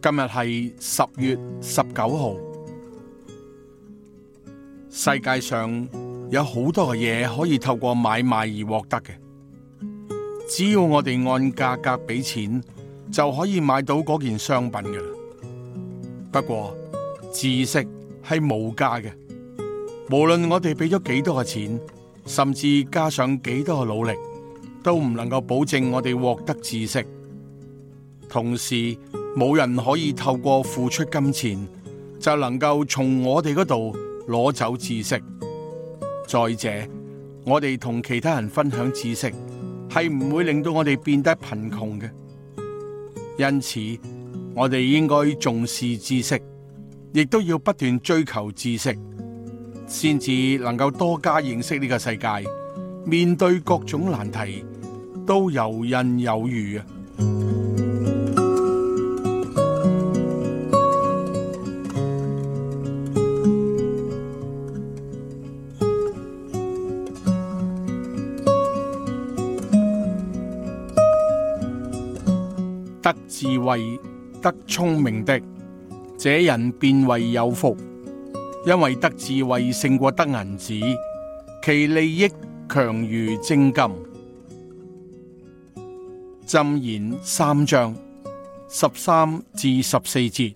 今日係十月十九號。世界上有好多嘅嘢，可以透過買賣而獲得嘅，只要我哋按價格俾錢，就可以買到嗰件商品嘅啦。不過知識係無價嘅，無論我哋俾咗幾多嘅錢，甚至加上幾多嘅努力，都唔能夠保證我哋獲得知識。同時，冇人可以透過付出金錢就能夠從我哋嗰度攞走知識。再者，我哋同其他人分享知識係唔會令到我哋變得貧窮嘅。因此，我哋應該重視知識，亦都要不斷追求知識，先至能夠多加認識呢個世界，面對各種難題都游刃有餘啊！得智慧、得聰明的，這人便為有福，因為得智慧勝過得銀子，其利益強如精金。箴言三章十三至十四節。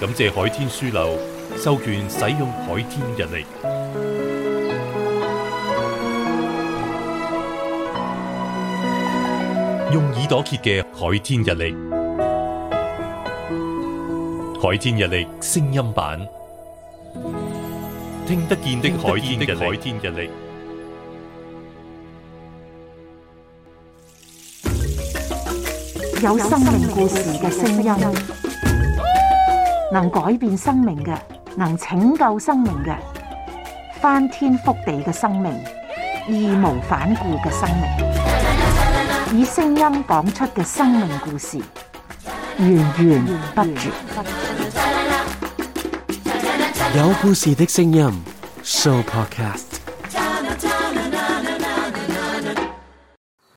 感謝海天書樓授權使用海天日曆。用耳朵揭嘅《海天日曆》，《海天日曆》聲音版，聽得見的《海天日曆》，有生命故事嘅聲音，能改變生命嘅，能拯救生命嘅，翻天覆地嘅生命，義無反顧嘅生命。以聲音講出嘅生命故事，源源不絕。有故事嘅聲音，Sooo Podcast。